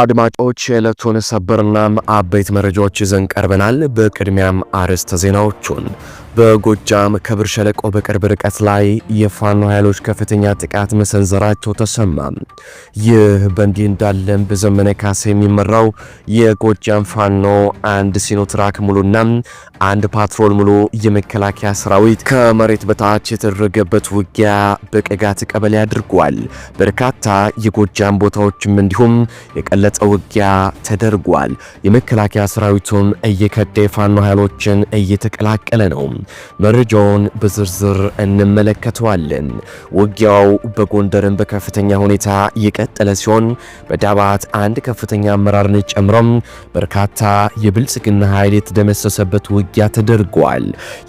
አድማጮች የዕለቱን ሰበርና አበይት መረጃዎች ይዘን ቀርበናል። በቅድሚያም አርዕስተ ዜናዎቹን በጎጃም ከብር ሸለቆ በቅርብ ርቀት ላይ የፋኖ ኃይሎች ከፍተኛ ጥቃት መሰንዘራቸው ተሰማ። ይህ በእንዲህ እንዳለም በዘመነ ካሴ የሚመራው የጎጃም ፋኖ አንድ ሲኖትራክ ሙሉና አንድ ፓትሮል ሙሉ የመከላከያ ሰራዊት ከመሬት በታች የተደረገበት ውጊያ በቀጋት ቀበሌ አድርጓል። በርካታ የጎጃም ቦታዎችም እንዲሁም የቀለጠ ውጊያ ተደርጓል። የመከላከያ ሰራዊቱም እየከዳ የፋኖ ኃይሎችን እየተቀላቀለ ነው። መረጃውን በዝርዝር እንመለከተዋለን። ውጊያው በጎንደርን በከፍተኛ ሁኔታ የቀጠለ ሲሆን በዳባት አንድ ከፍተኛ አመራርን ጨምሮም በርካታ የብልጽግና ኃይል የተደመሰሰበት ውጊያ ተደርጓል።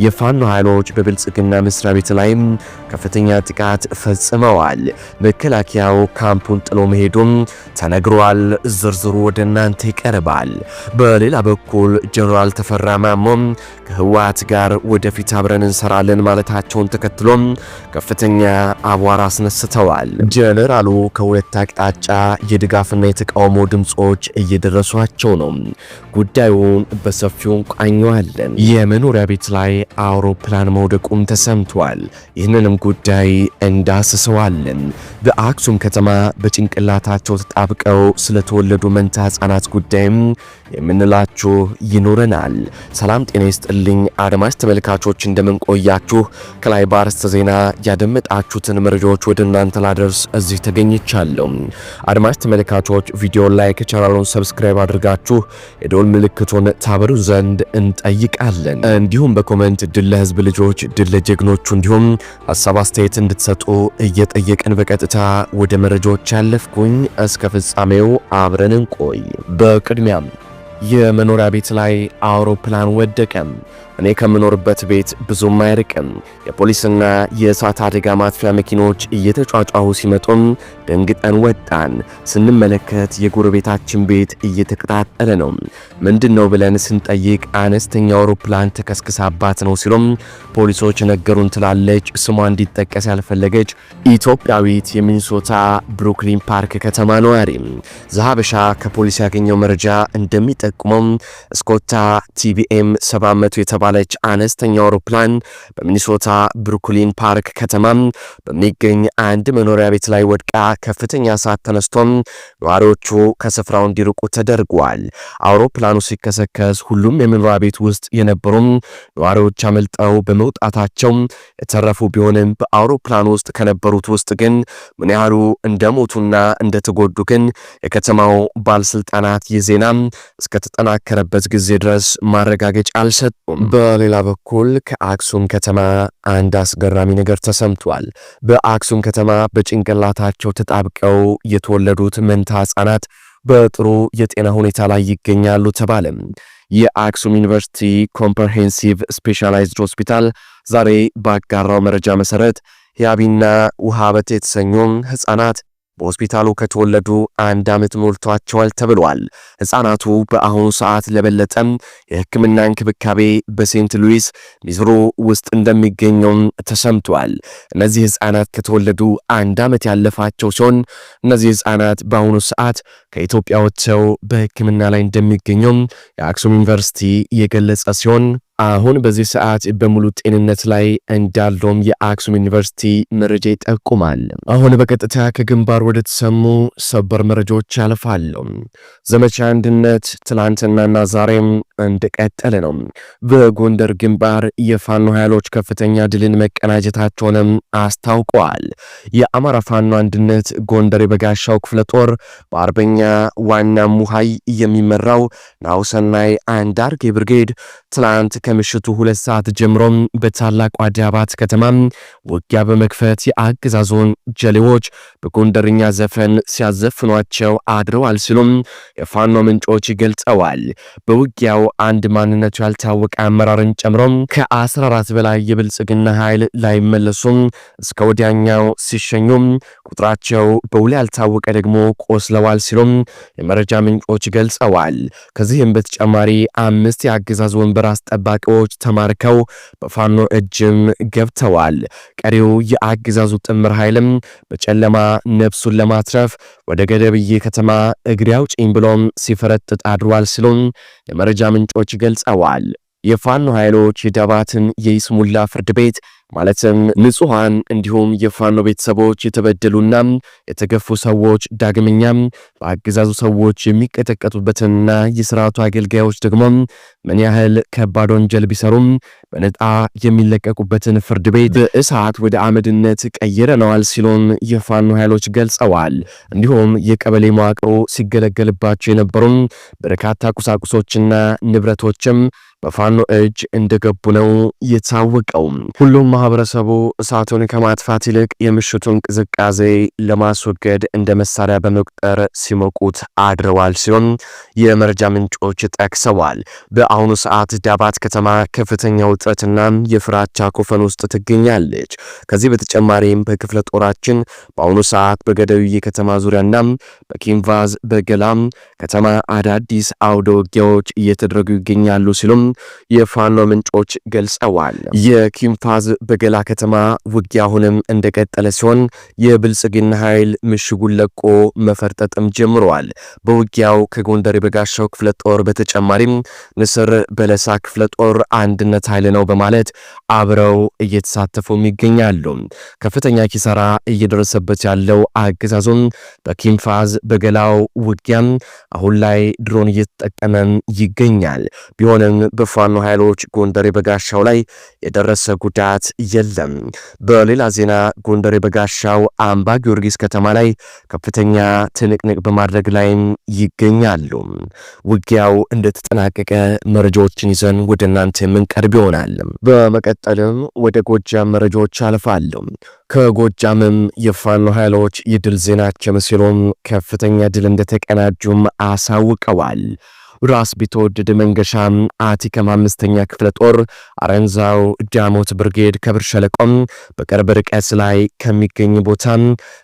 የፋኖ ኃይሎች በብልጽግና መስሪያ ቤት ላይም ከፍተኛ ጥቃት ፈጽመዋል። መከላከያው ካምፑን ጥሎ መሄዱም ተነግሯል። ዝርዝሩ ወደ እናንተ ይቀርባል። በሌላ በኩል ጀኔራል ተፈራ ማሞም ከህወሓት ጋር ወደ ወደፊት አብረን እንሰራለን ማለታቸውን ተከትሎም ከፍተኛ አቧራ አስነስተዋል። ጀነራሉ ከሁለት አቅጣጫ የድጋፍና የተቃውሞ ድምፆች እየደረሷቸው ነው። ጉዳዩን በሰፊው እንቃኘዋለን። የመኖሪያ ቤት ላይ አውሮፕላን መውደቁም ተሰምቷል። ይህንንም ጉዳይ እንዳስሰዋለን። በአክሱም ከተማ በጭንቅላታቸው ተጣብቀው ስለተወለዱ መንታ ህጻናት ጉዳይም የምንላችሁ ይኖረናል። ሰላም ጤና ይስጥልኝ አድማጭ ተመልካቾች፣ እንደምንቆያችሁ ከላይ በአርዕስተ ዜና ያደመጣችሁትን መረጃዎች ወደ እናንተ ላደርስ እዚህ ተገኝቻለሁ። አድማጭ ተመልካቾች ቪዲዮ ላይክ፣ ቻናሉን ሰብስክራይብ አድርጋችሁ የደወል ምልክቱን ታበሩ ዘንድ እንጠይቃለን። እንዲሁም በኮመንት ድል ለህዝብ ልጆች፣ ድል ለጀግኖቹ እንዲሁም ሀሳብ አስተያየት እንድትሰጡ እየጠየቅን በቀጥታ ወደ መረጃዎች ያለፍኩኝ እስከ ፍጻሜው አብረን እንቆይ። በቅድሚያም የመኖሪያ ቤት ላይ አውሮፕላን ወደቀም። እኔ ከምኖርበት ቤት ብዙም አይርቅም። የፖሊስና የእሳት አደጋ ማጥፊያ መኪኖች እየተጫጫሁ ሲመጡም ደንግጠን ወጣን። ስንመለከት የጎረቤታችን ቤት እየተቀጣጠለ ነው። ምንድን ነው ብለን ስንጠይቅ አነስተኛ አውሮፕላን ተከስክሳባት ነው ሲሉም ፖሊሶች ነገሩን ትላለች ስሟ እንዲጠቀስ ያልፈለገች ኢትዮጵያዊት የሚኒሶታ ብሩክሊን ፓርክ ከተማ ነዋሪ። ዘሀበሻ ከፖሊስ ያገኘው መረጃ እንደሚጠቁመው ስኮታ ቲቢኤም 700 የተባለ የተባለች አነስተኛ አውሮፕላን በሚኒሶታ ብሩክሊን ፓርክ ከተማም በሚገኝ አንድ መኖሪያ ቤት ላይ ወድቃ ከፍተኛ እሳት ተነስቶም ነዋሪዎቹ ከስፍራው እንዲርቁ ተደርጓል። አውሮፕላኑ ሲከሰከስ ሁሉም የመኖሪያ ቤት ውስጥ የነበሩም ነዋሪዎች አመልጠው በመውጣታቸው የተረፉ ቢሆንም በአውሮፕላኑ ውስጥ ከነበሩት ውስጥ ግን ምን ያህሉ እንደሞቱና እንደተጎዱ ግን የከተማው ባለስልጣናት ይህ ዜና እስከተጠናከረበት ጊዜ ድረስ ማረጋገጫ አልሰጡም። በሌላ በኩል ከአክሱም ከተማ አንድ አስገራሚ ነገር ተሰምቷል። በአክሱም ከተማ በጭንቅላታቸው ተጣብቀው የተወለዱት መንታ ሕፃናት በጥሩ የጤና ሁኔታ ላይ ይገኛሉ ተባለም። የአክሱም ዩኒቨርሲቲ ኮምፕሬሄንሲቭ ስፔሻላይዝድ ሆስፒታል ዛሬ ባጋራው መረጃ መሠረት ያቢና ውሃበት የተሰኙም ሕፃናት በሆስፒታሉ ከተወለዱ አንድ ዓመት ሞልቷቸዋል ተብሏል። ሕፃናቱ በአሁኑ ሰዓት ለበለጠም የሕክምና እንክብካቤ በሴንት ሉዊስ ሚዙሪ ውስጥ እንደሚገኘውም ተሰምቷል። እነዚህ ሕፃናት ከተወለዱ አንድ ዓመት ያለፋቸው ሲሆን እነዚህ ሕፃናት በአሁኑ ሰዓት ከኢትዮጵያ ወጥተው በሕክምና ላይ እንደሚገኙም የአክሱም ዩኒቨርሲቲ የገለጸ ሲሆን አሁን በዚህ ሰዓት በሙሉ ጤንነት ላይ እንዳለውም የአክሱም ዩኒቨርሲቲ መረጃ ይጠቁማል። አሁን በቀጥታ ከግንባር ወደ ተሰሙ ሰበር መረጃዎች ያልፋሉ። ዘመቻ አንድነት ትላንትናና ዛሬም እንደቀጠለ ነው። በጎንደር ግንባር የፋኖ ኃይሎች ከፍተኛ ድልን መቀናጀታቸውንም አስታውቀዋል። የአማራ ፋኖ አንድነት ጎንደር የበጋሻው ክፍለ ጦር በአርበኛ ዋና ሙሃይ የሚመራው ናውሰናይ አንዳርጌ ብርጌድ ትላንት ከምሽቱ ሁለት ሰዓት ጀምሮም በታላቋ ዳባት ከተማ ውጊያ በመክፈት የአገዛዞን ጀሌዎች በጎንደርኛ ዘፈን ሲያዘፍኗቸው አድረዋል ሲሉም የፋኖ ምንጮች ገልጸዋል። በውጊያው አንድ ማንነቱ ያልታወቀ አመራርን ጨምሮ ከ14 በላይ የብልጽግና ኃይል ላይመለሱም እስከ ወዲያኛው ሲሸኙም ቁጥራቸው በውል ያልታወቀ ደግሞ ቆስለዋል ሲሉም የመረጃ ምንጮች ገልጸዋል። ከዚህም በተጨማሪ አምስት የአገዛዝ ወንበር አስጠባቂ ታጣቂዎች ተማርከው በፋኖ እጅም ገብተዋል። ቀሪው የአገዛዙ ጥምር ኃይልም በጨለማ ነፍሱን ለማትረፍ ወደ ገደብዬ ከተማ እግሬ አውጪኝ ብሎም ሲፈረጥጥ አድሯል ሲሉም የመረጃ ምንጮች ገልጸዋል። የፋኖ ኃይሎች የደባትን የይስሙላ ፍርድ ቤት ማለትም ንጹሐን እንዲሁም የፋኖ ቤተሰቦች የተበደሉና የተገፉ ሰዎች ዳግመኛም በአገዛዙ ሰዎች የሚቀጠቀጡበትንና የስርዓቱ አገልጋዮች ደግሞ ምን ያህል ከባድ ወንጀል ቢሰሩም በነጣ የሚለቀቁበትን ፍርድ ቤት በእሳት ወደ አመድነት ቀይረነዋል ሲሉን የፋኖ ኃይሎች ገልጸዋል። እንዲሁም የቀበሌ መዋቅሮ ሲገለገልባቸው የነበሩም በርካታ ቁሳቁሶችና ንብረቶችም በፋኖ እጅ እንደገቡ ነው የታወቀው። ሁሉም ማህበረሰቡ እሳቱን ከማጥፋት ይልቅ የምሽቱን ቅዝቃዜ ለማስወገድ እንደ መሳሪያ በመቁጠር ሲሞቁት አድረዋል ሲሆን የመረጃ ምንጮች ጠቅሰዋል። በአሁኑ ሰዓት ዳባት ከተማ ከፍተኛ ውጥረትና የፍራቻ ኮፈን ውስጥ ትገኛለች። ከዚህ በተጨማሪም በክፍለ ጦራችን በአሁኑ ሰዓት በገደብዬ ከተማ ዙሪያና በኪንቫዝ በገላም ከተማ አዳዲስ አውደ ውጊያዎች እየተደረጉ ይገኛሉ ሲሉም የፋኖ ምንጮች ገልጸዋል። የኪንፋዝ በገላ ከተማ ውጊያ አሁንም እንደቀጠለ ሲሆን የብልጽግና ኃይል ምሽጉን ለቆ መፈርጠጥም ጀምረዋል። በውጊያው ከጎንደር የበጋሻው ክፍለ ጦር በተጨማሪም ንስር በለሳ ክፍለ ጦር አንድነት ኃይል ነው በማለት አብረው እየተሳተፉም ይገኛሉ። ከፍተኛ ኪሳራ እየደረሰበት ያለው አገዛዙም በኪንፋዝ በገላው ውጊያም አሁን ላይ ድሮን እየተጠቀመም ይገኛል። ቢሆንም በፋኖ ኃይሎች ጎንደር በጋሻው ላይ የደረሰ ጉዳት የለም። በሌላ ዜና ጎንደር በጋሻው አምባ ጊዮርጊስ ከተማ ላይ ከፍተኛ ትንቅንቅ በማድረግ ላይም ይገኛሉ። ውጊያው እንደተጠናቀቀ መረጃዎችን ይዘን ወደ እናንተ የምንቀርብ ይሆናል። በመቀጠልም ወደ ጎጃም መረጃዎች አልፋሉ። ከጎጃምም የፋኖ ኃይሎች የድል ዜናቸው ሲሉም ከፍተኛ ድል እንደተቀናጁም አሳውቀዋል። ራስ ቢትወደድ መንገሻ አቲከም አምስተኛ ክፍለ ጦር አረንዛው ዳሞት ብርጌድ ከብር ሸለቆም በቅርብ ርቀት ላይ ከሚገኝ ቦታ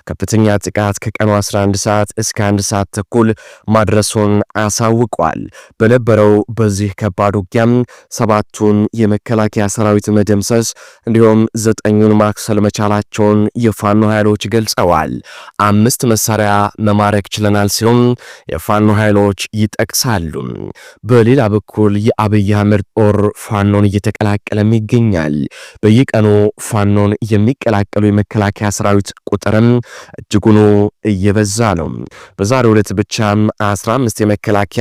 ከፍተኛ ጥቃት ከቀኑ 11 ሰዓት እስከ 1 ሰዓት ተኩል ማድረሱን አሳውቋል። በነበረው በዚህ ከባድ ውጊያም ሰባቱን የመከላከያ ሰራዊት መደምሰስ እንዲሁም ዘጠኙን ማክሰል መቻላቸውን የፋኖ ኃይሎች ገልጸዋል። አምስት መሳሪያ መማረክ ችለናል ሲሆን የፋኖ ኃይሎች ይጠቅሳሉ። በሌላ በኩል የአብይ አህመድ ጦር ፋኖን እየተቀላቀለም ይገኛል። በየቀኑ ፋኖን የሚቀላቀሉ የመከላከያ ሰራዊት ቁጥርም እጅጉኑ እየበዛ ነው። በዛሬው ዕለት ብቻም 15 የመከላከያ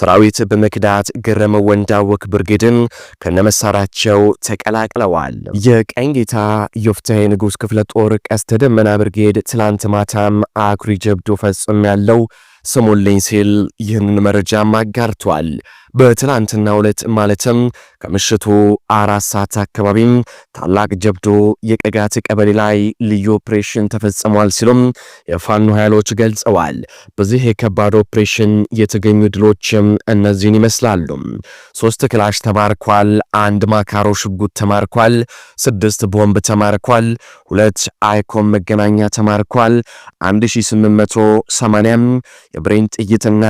ሰራዊት በመክዳት ገረመው ወንዳወክ ብርጌድን ከነመሳሪያቸው ተቀላቅለዋል። የቀኝ ጌታ ዮፍታሔ ንጉሥ ክፍለ ጦር ቀስተ ደመና ብርጌድ ትላንት ማታም አኩሪ ጀብዶ ፈጽም ያለው ስሙልኝ ሲል ይህንን መረጃም አጋርቷል። በትላንትና ዕለት ማለትም ከምሽቱ አራት ሰዓት አካባቢም ታላቅ ጀብዶ የቀጋት ቀበሌ ላይ ልዩ ኦፕሬሽን ተፈጽሟል ሲሉም የፋኖ ኃይሎች ገልጸዋል። በዚህ የከባድ ኦፕሬሽን የተገኙ ድሎችም እነዚህን ይመስላሉ። ሶስት ክላሽ ተማርኳል፣ አንድ ማካሮ ሽጉጥ ተማርኳል፣ ስድስት ቦምብ ተማርኳል፣ ሁለት አይኮም መገናኛ ተማርኳል፣ 1880 የብሬን ጥይትና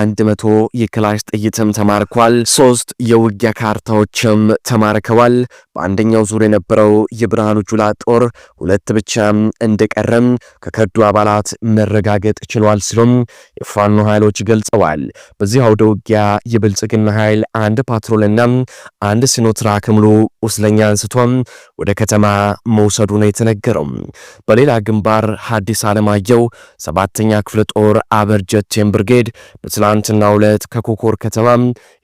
አንድ መቶ የክላሽ ጥይትም ተማርኳል። ሶስት የውጊያ ካርታዎችም ተማርከዋል። በአንደኛው ዙር የነበረው የብርሃኑ ጁላ ጦር ሁለት ብቻም እንደቀረም ከከዱ አባላት መረጋገጥ ችሏል ሲሉም የፋኖ ኃይሎች ገልጸዋል። በዚህ አውደ ውጊያ የብልጽግና ኃይል አንድ ፓትሮልና አንድ ሲኖትራክ ሙሉ ቁስለኛ አንስቶም ወደ ከተማ መውሰዱ ነው የተነገረው። በሌላ ግንባር ሐዲስ ዓለማየሁ ሰባተኛ ክፍለ ጦር አበር ጀቴን ብርጌድ በትላንትናው ዕለት ከኮኮር ከተማ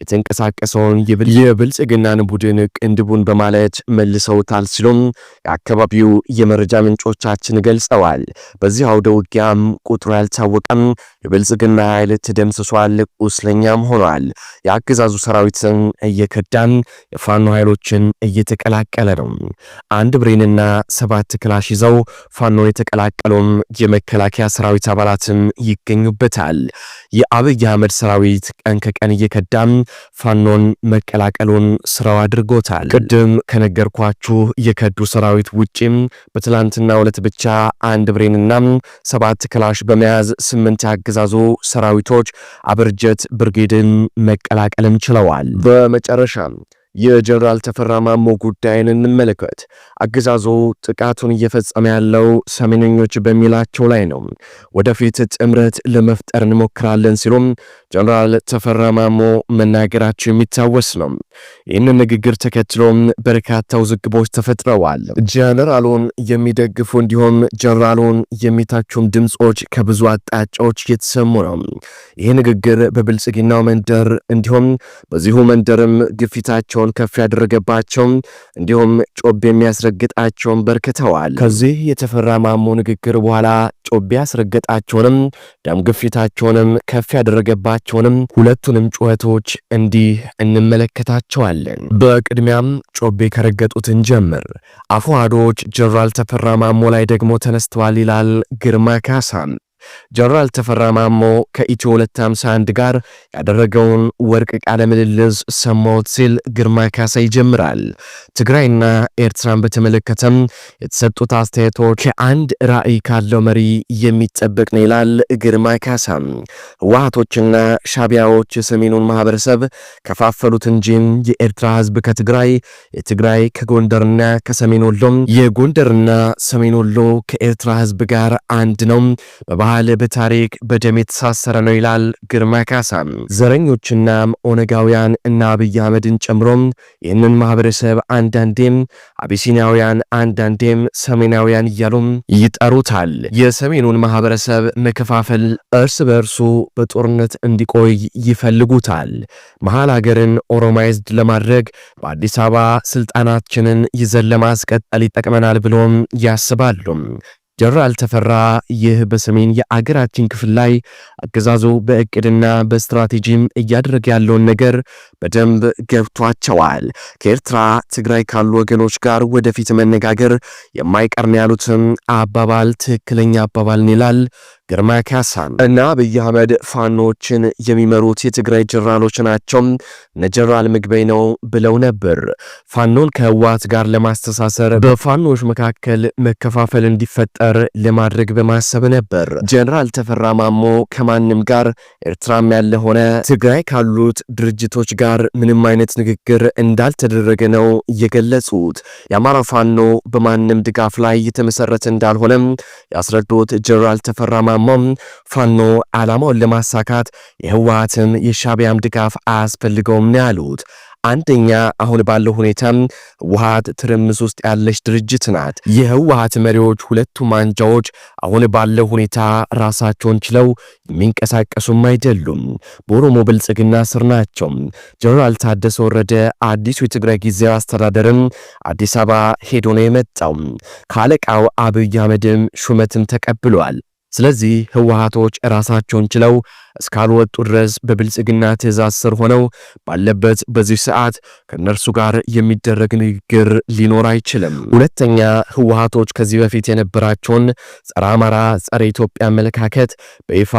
የተንቀሳቀሰውን የብልጽግናን ቡድን ቅንድቡን በማለት መልሰውታል ሲሉም የአካባቢው የመረጃ ምንጮቻችን ገልጸዋል። በዚህ አውደ ውጊያም ቁጥሩ ያልታወቀም የብልጽግና ኃይል ተደምስሷል፣ ቁስለኛም ሆኗል። የአገዛዙ ሰራዊትን እየከዳን የፋኖ ኃይሎችን እየተቀላቀለ ነው። አንድ ብሬንና ሰባት ክላሽ ይዘው ፋኖን የተቀላቀሉም የመከላከያ ሰራዊት አባላትም ይገኙበታል። የአብይ አህመድ ሰራዊት ቀን ከቀን እየከዳም ፋኖን መቀላቀሉን ስራው አድርጎታል። ቅድም ከነገርኳችሁ የከዱ ሰራዊት ውጪም በትላንትና ሁለት ብቻ አንድ ብሬንና ሰባት ክላሽ በመያዝ ስምንት ያግዛ የአገዛዙ ሰራዊቶች አብርጀት ብርጌድን መቀላቀልም ችለዋል። በመጨረሻ የጀነራል ተፈራ ማሞ ጉዳይን እንመለከት። አገዛዙ ጥቃቱን እየፈጸመ ያለው ሰሜነኞች በሚላቸው ላይ ነው። ወደፊት ጥምረት ለመፍጠር እንሞክራለን ሲሉም ጀነራል ተፈራ ማሞ መናገራቸው የሚታወስ ነው። ይህንን ንግግር ተከትሎም በርካታ ውዝግቦች ተፈጥረዋል። ጀነራሉን የሚደግፉ እንዲሁም ጀነራሉን የሚታቹም ድምፆች ከብዙ አቅጣጫዎች እየተሰሙ ነው። ይህ ንግግር በብልጽግናው መንደር እንዲሁም በዚሁ መንደርም ግፊታቸውን ከፍ ያደረገባቸው እንዲሁም ጮቤ የሚያስረግጣቸውን በርክተዋል። ከዚህ የተፈራ ማሞ ንግግር በኋላ ጮቤ ያስረገጣቸውንም ደም ግፊታቸውንም ከፍ ያደረገባቸውንም ሁለቱንም ጩኸቶች እንዲህ እንመለከታቸዋል። እናቀርባለን። በቅድሚያም ጮቤ ከረገጡትን ጀምር አፉ አዶች ጀነራል ተፈራ ማሞ ላይ ደግሞ ተነስተዋል ይላል ግርማ ካሳም ጀነራል ተፈራ ማሞ ከኢትዮ 251 ጋር ያደረገውን ወርቅ ቃለ ምልልስ ሰማሁት ሲል ግርማ ካሳ ይጀምራል። ትግራይና ኤርትራን በተመለከተም የተሰጡት አስተያየቶች የአንድ ራዕይ ካለው መሪ የሚጠበቅ ነው ይላል ግርማ ካሳ ህወሀቶችና ሻቢያዎች የሰሜኑን ማህበረሰብ ከፋፈሉት እንጂም የኤርትራ ህዝብ ከትግራይ የትግራይ ከጎንደርና ከሰሜን ወሎም የጎንደርና ሰሜን ወሎ ከኤርትራ ህዝብ ጋር አንድ ነው በባህል ባህል በታሪክ በደም የተሳሰረ ነው ይላል ግርማ ካሳ። ዘረኞችና ኦነጋውያን እና አብይ አህመድን ጨምሮም ይህንን ማህበረሰብ አንዳንዴም አቢሲናውያን አንዳንዴም ሰሜናውያን እያሉም ይጠሩታል። የሰሜኑን ማህበረሰብ መከፋፈል፣ እርስ በእርሱ በጦርነት እንዲቆይ ይፈልጉታል። መሀል ሀገርን ኦሮማይዝድ ለማድረግ በአዲስ አበባ ስልጣናችንን ይዘን ለማስቀጠል ይጠቅመናል ብሎም ያስባሉ። ጀነራል ተፈራ ይህ በሰሜን የአገራችን ክፍል ላይ አገዛዙ በእቅድና በስትራቴጂም እያደረገ ያለውን ነገር በደንብ ገብቷቸዋል። ከኤርትራ ትግራይ ካሉ ወገኖች ጋር ወደፊት መነጋገር የማይቀርን ነው ያሉትም አባባል ትክክለኛ አባባልን ይላል። ግርማ ካሳ እና አብይ አህመድ ፋኖችን የሚመሩት የትግራይ ጀነራሎች ናቸው፣ ነጀራል ጀነራል ምግበይ ነው ብለው ነበር። ፋኖን ከህወሓት ጋር ለማስተሳሰር በፋኖች መካከል መከፋፈል እንዲፈጠር ለማድረግ በማሰብ ነበር። ጀነራል ተፈራ ማሞ ከማንም ጋር ኤርትራም ያለ ሆነ ትግራይ ካሉት ድርጅቶች ጋር ምንም አይነት ንግግር እንዳልተደረገ ነው የገለጹት። የአማራ ፋኖ በማንም ድጋፍ ላይ የተመሰረተ እንዳልሆነም ያስረዱት ጀነራል ተፈራ ታማም ፋኖ ዓላማውን ለማሳካት የህወሓትም የሻቢያም ድጋፍ አያስፈልገውም ነው ያሉት። አንደኛ አሁን ባለው ሁኔታ ህወሓት ትርምስ ውስጥ ያለች ድርጅት ናት። የህወሓት መሪዎች ሁለቱም አንጃዎች አሁን ባለው ሁኔታ ራሳቸውን ችለው የሚንቀሳቀሱም አይደሉም። በኦሮሞ ብልጽግና ስር ናቸው። ጀነራል ታደሰ ወረደ አዲሱ የትግራይ ጊዜ አስተዳደርም አዲስ አበባ ሄዶ ነው የመጣው። ከአለቃው አብይ አህመድም ሹመትም ተቀብሏል። ስለዚህ ህወሃቶች ራሳቸውን ችለው እስካልወጡ ድረስ በብልጽግና ትእዛዝ ስር ሆነው ባለበት በዚህ ሰዓት ከእነርሱ ጋር የሚደረግ ንግግር ሊኖር አይችልም። ሁለተኛ ህወሀቶች ከዚህ በፊት የነበራቸውን ጸረ አማራ፣ ጸረ ኢትዮጵያ አመለካከት በይፋ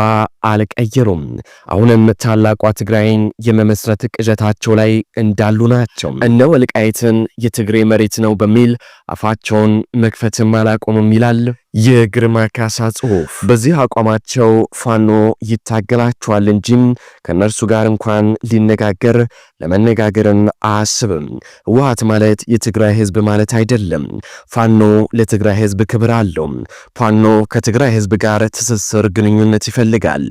አልቀየሩም። አሁንም ታላቋ ትግራይን የመመስረት ቅዠታቸው ላይ እንዳሉ ናቸው። እነ ወልቃይትን የትግሬ መሬት ነው በሚል አፋቸውን መክፈትም አላቆምም ይላል የግርማ ካሳ ጽሑፍ። በዚህ አቋማቸው ፋኖ ይታገላል ይመስላችኋል እንጂ ከእነርሱ ጋር እንኳን ሊነጋገር ለመነጋገርን አያስብም። ህወሀት ማለት የትግራይ ህዝብ ማለት አይደለም። ፋኖ ለትግራይ ህዝብ ክብር አለው። ፋኖ ከትግራይ ህዝብ ጋር ትስስር ግንኙነት ይፈልጋል።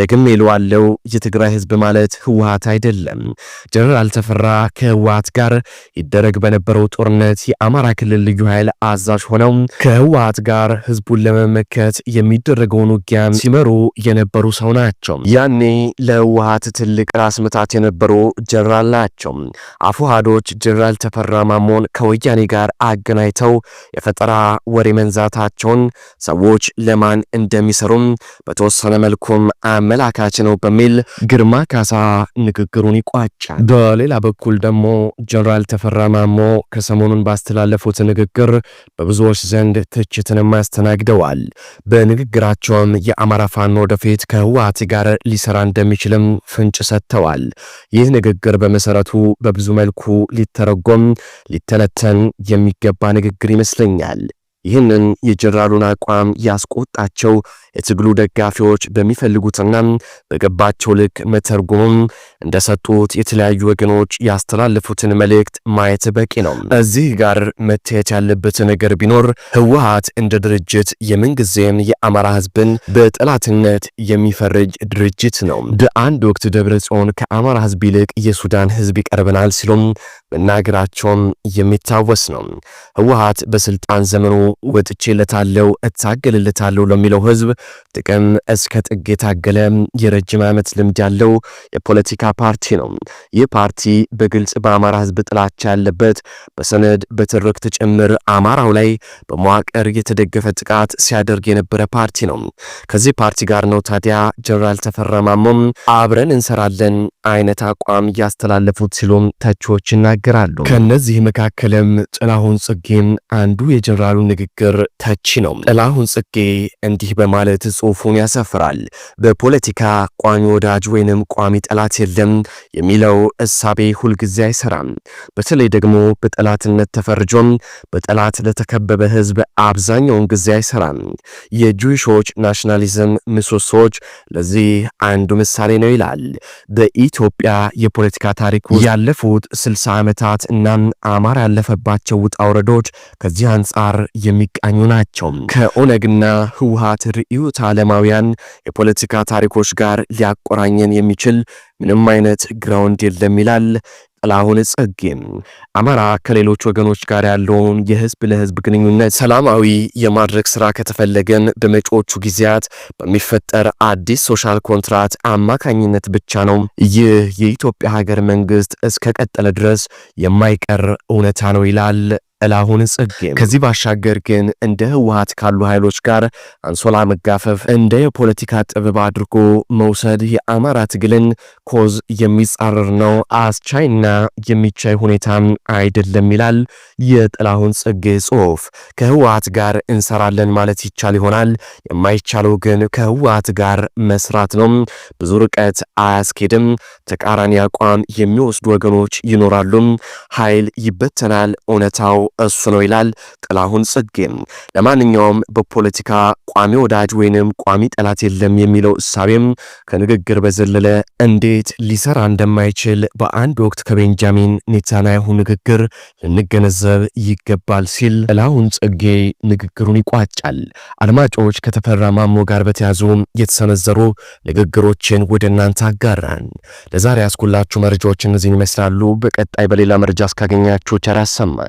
ደግም ይለዋለው የትግራይ ህዝብ ማለት ህወሀት አይደለም። ጀነራል ተፈራ ከህወሀት ጋር ይደረግ በነበረው ጦርነት የአማራ ክልል ልዩ ኃይል አዛዥ ሆነው ከህወሀት ጋር ህዝቡን ለመመከት የሚደረገውን ውጊያን ሲመሩ የነበሩ ሰው ናቸው። ናቸው። ያኔ ለህወሓት ትልቅ ራስ ምታት የነበሩ ጀነራል ናቸው። አፉሃዶች ጀነራል ተፈራ ማሞን ከወያኔ ጋር አገናኝተው የፈጠራ ወሬ መንዛታቸውን ሰዎች ለማን እንደሚሰሩም በተወሰነ መልኩም አመላካች ነው በሚል ግርማ ካሳ ንግግሩን ይቋጫል። በሌላ በኩል ደግሞ ጀነራል ተፈራ ማሞ ከሰሞኑን ባስተላለፉት ንግግር በብዙዎች ዘንድ ትችትንም አስተናግደዋል። በንግግራቸውም የአማራ ፋኖ ወደፊት ከህወሓት ጋር ጋር ሊሰራ እንደሚችልም ፍንጭ ሰጥተዋል። ይህ ንግግር በመሰረቱ በብዙ መልኩ ሊተረጎም ሊተነተን የሚገባ ንግግር ይመስለኛል። ይህንን የጀነራሉን አቋም ያስቆጣቸው የትግሉ ደጋፊዎች በሚፈልጉትና በገባቸው ልክ መተርጎም እንደሰጡት የተለያዩ ወገኖች ያስተላለፉትን መልእክት ማየት በቂ ነው። እዚህ ጋር መታየት ያለበት ነገር ቢኖር ህወሓት እንደ ድርጅት የምንጊዜም የአማራ ህዝብን በጠላትነት የሚፈርጅ ድርጅት ነው። በአንድ ወቅት ደብረ ጽዮን ከአማራ ህዝብ ይልቅ የሱዳን ህዝብ ይቀርበናል ሲሉም መናገራቸውም የሚታወስ ነው። ህወሓት በስልጣን ዘመኑ ወጥቼለታለሁ እታገልለታለሁ ለሚለው ህዝብ ጥቅም እስከ ጥግ የታገለ የረጅም ዓመት ልምድ ያለው የፖለቲካ ፓርቲ ነው። ይህ ፓርቲ በግልጽ በአማራ ህዝብ ጥላቻ ያለበት በሰነድ በትርክት ጭምር አማራው ላይ በመዋቅር የተደገፈ ጥቃት ሲያደርግ የነበረ ፓርቲ ነው። ከዚህ ፓርቲ ጋር ነው ታዲያ ጀነራል ተፈራ ማሞም አብረን እንሰራለን አይነት አቋም እያስተላለፉት ሲሉም ተቺዎች ይናገራል። ይናገራሉ። ከነዚህ መካከልም ጥላሁን ጽጌም አንዱ የጀኔራሉ ንግግር ተቺ ነው። ጥላሁን ጽጌ እንዲህ በማለት ጽሑፉን ያሰፍራል። በፖለቲካ ቋሚ ወዳጅ ወይንም ቋሚ ጠላት የለም የሚለው እሳቤ ሁልጊዜ አይሰራም። በተለይ ደግሞ በጠላትነት ተፈርጆም በጠላት ለተከበበ ህዝብ አብዛኛውን ጊዜ አይሰራም። የጁይሾች ናሽናሊዝም ምሰሶዎች ለዚህ አንዱ ምሳሌ ነው ይላል። በኢትዮጵያ የፖለቲካ ታሪክ ያለፉት 60 ዓመታት እናም አማራ ያለፈባቸው ውጣ ውረዶች ከዚህ አንጻር የሚቃኙ ናቸው። ከኦነግና ህወሀት ርዕዮተ ዓለማውያን የፖለቲካ ታሪኮች ጋር ሊያቆራኘን የሚችል ምንም አይነት ግራውንድ የለም ይላል ጥላሁን ጸጌም አማራ ከሌሎች ወገኖች ጋር ያለውን የህዝብ ለህዝብ ግንኙነት ሰላማዊ የማድረግ ስራ ከተፈለገን በመጪዎቹ ጊዜያት በሚፈጠር አዲስ ሶሻል ኮንትራት አማካኝነት ብቻ ነው። ይህ የኢትዮጵያ ሀገር መንግስት እስከቀጠለ ድረስ የማይቀር እውነታ ነው ይላል ጥላሁን ጽጌ። ከዚህ ባሻገር ግን እንደ ህወሓት ካሉ ኃይሎች ጋር አንሶላ መጋፈፍ እንደ የፖለቲካ ጥበብ አድርጎ መውሰድ የአማራ ትግልን ኮዝ የሚጻረር ነው፣ አስቻይና የሚቻይ ሁኔታም አይደለም ይላል የጥላሁን ጽጌ ጽሑፍ። ከህወሓት ጋር እንሰራለን ማለት ይቻል ይሆናል። የማይቻለው ግን ከህወሓት ጋር መስራት ነው። ብዙ ርቀት አያስኬድም። ተቃራኒ አቋም የሚወስዱ ወገኖች ይኖራሉም ኃይል ይበተናል። እውነታው እሱ ነው ይላል ጥላሁን ጽጌም። ለማንኛውም በፖለቲካ ቋሚ ወዳጅ ወይንም ቋሚ ጠላት የለም የሚለው እሳቤም ከንግግር በዘለለ እንዴት ሊሰራ እንደማይችል በአንድ ወቅት ከቤንጃሚን ኔታንያሁ ንግግር ልንገነዘብ ይገባል ሲል ጥላሁን ጽጌ ንግግሩን ይቋጫል። አድማጮች ከተፈራ ማሞ ጋር በተያዙ የተሰነዘሩ ንግግሮችን ወደ እናንተ አጋራን። ለዛሬ ያስኩላችሁ መረጃዎች እነዚህን ይመስላሉ። በቀጣይ በሌላ መረጃ እስካገኛችሁ ቸር ያሰማን።